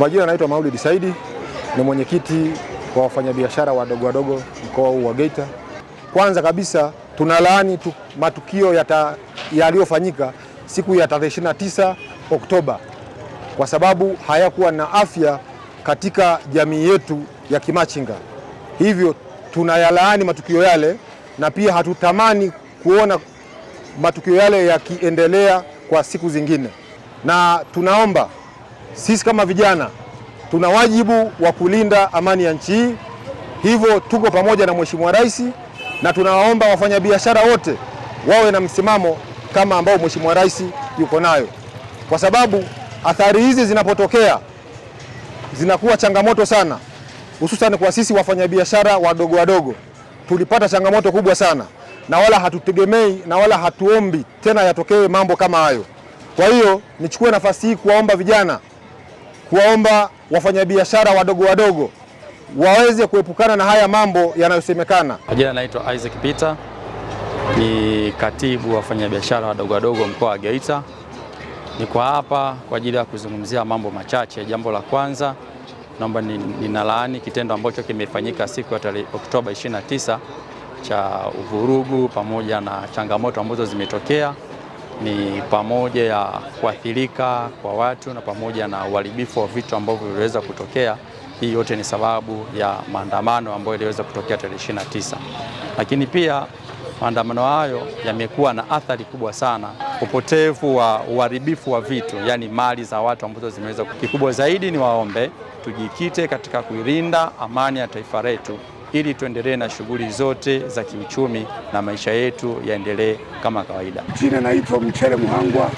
Majina anaitwa Maulid Saidi, ni mwenyekiti wa wafanyabiashara wadogo wadogo mkoa huu wa Geita. Kwanza kabisa tunalaani tu, matukio yaliyofanyika ya siku ya tarehe 29 Oktoba kwa sababu hayakuwa na afya katika jamii yetu ya Kimachinga, hivyo tunayalaani matukio yale na pia hatutamani kuona matukio yale yakiendelea kwa siku zingine, na tunaomba sisi kama vijana tuna wajibu wa kulinda amani ya nchi hii, hivyo tuko pamoja na Mheshimiwa Rais na tunawaomba wafanyabiashara wote wawe na msimamo kama ambao Mheshimiwa Rais yuko nayo, kwa sababu athari hizi zinapotokea zinakuwa changamoto sana, hususan kwa sisi wafanyabiashara wadogo wadogo. Tulipata changamoto kubwa sana, na wala hatutegemei na wala hatuombi tena yatokee mambo kama hayo. Kwa hiyo nichukue nafasi hii kuwaomba vijana kuwaomba wafanyabiashara wadogo wadogo waweze kuepukana na haya mambo yanayosemekana. Jina naitwa Isaac Peter, ni katibu wa wafanyabiashara wadogo wadogo mkoa wa Geita. Niko hapa kwa ajili ya kuzungumzia mambo machache. Jambo la kwanza, naomba ninalaani kitendo ambacho kimefanyika siku ya tarehe Oktoba 29 cha uvurugu pamoja na changamoto ambazo zimetokea ni pamoja ya kuathirika kwa watu na pamoja na uharibifu wa vitu ambavyo viliweza kutokea. Hii yote ni sababu ya maandamano ambayo iliweza kutokea tarehe 29, lakini pia maandamano hayo yamekuwa na athari kubwa sana, upotevu wa uharibifu wa vitu, yani mali za watu ambazo zimeweza. Kikubwa zaidi ni waombe tujikite katika kuilinda amani ya taifa letu ili tuendelee na shughuli zote za kiuchumi na maisha yetu yaendelee kama kawaida. Jina naitwa mchele Muhangwa,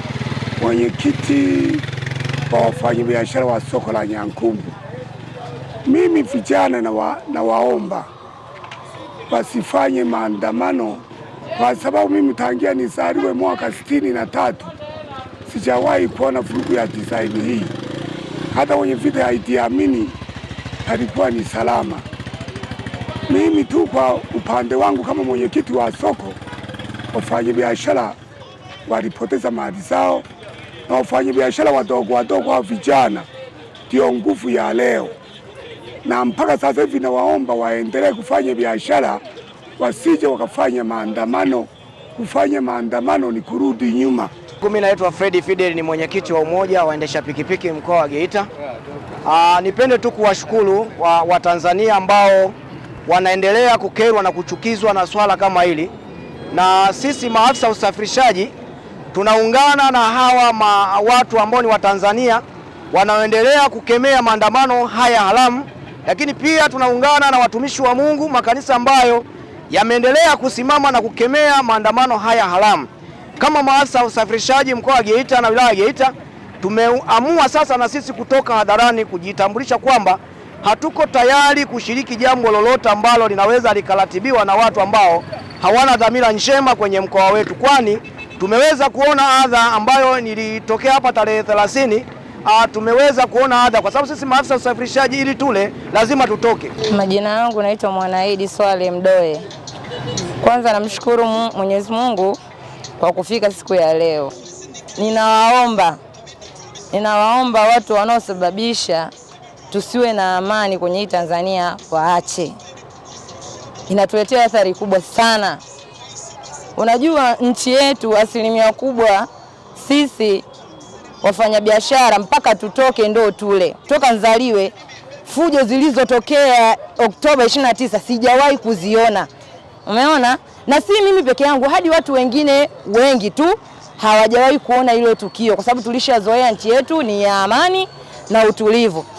mwenyekiti wa wafanyabiashara wa soko la Nyankumbu. Mimi vijana na, wa, na waomba wasifanye maandamano kwa sababu mimi tangia nizaliwe mwaka sitini na tatu sijawahi kuona vurugu ya disaini hii. Hata wenye vita haitiamini alikuwa ni salama. Mimi tu kwa upande wangu kama mwenyekiti wa soko, wafanyabiashara walipoteza mali zao, na wafanyabiashara wadogo wadogo wa vijana ndio nguvu ya leo, na mpaka sasa hivi nawaomba waendelee kufanya biashara, wasije wakafanya maandamano. Kufanya maandamano ni kurudi nyuma. Mimi naitwa Fredi Fidel, ni mwenyekiti wa umoja waendesha pikipiki mkoa wa Geita. Aa, nipende tu kuwashukuru Watanzania wa ambao wanaendelea kukerwa na kuchukizwa na swala kama hili, na sisi maafisa usafirishaji tunaungana na hawa ma watu ambao ni Watanzania wanaoendelea kukemea maandamano haya haramu, lakini pia tunaungana na watumishi wa Mungu makanisa ambayo yameendelea kusimama na kukemea maandamano haya haramu. Kama maafisa usafirishaji mkoa wa Geita na wilaya ya Geita tumeamua sasa na sisi kutoka hadharani kujitambulisha kwamba hatuko tayari kushiriki jambo lolote ambalo linaweza likaratibiwa na watu ambao hawana dhamira njema kwenye mkoa wetu, kwani tumeweza kuona adha ambayo nilitokea hapa tarehe 30. A, ah, tumeweza kuona adha kwa sababu sisi maafisa usafirishaji ili tule lazima tutoke. Majina yangu naitwa Mwanaidi Swale Mdoe. Kwanza namshukuru Mwenyezi Mungu kwa kufika siku ya leo. Ninawaomba, ninawaomba watu wanaosababisha tusiwe na amani kwenye hii Tanzania, waache. Inatuletea athari kubwa sana. Unajua nchi yetu asilimia kubwa sisi wafanyabiashara mpaka tutoke ndo tule. Toka nzaliwe fujo zilizotokea Oktoba 29 sijawahi kuziona, umeona? Na si mimi peke yangu, hadi watu wengine wengi tu hawajawahi kuona ile tukio, kwa sababu tulishazoea nchi yetu ni ya amani na utulivu.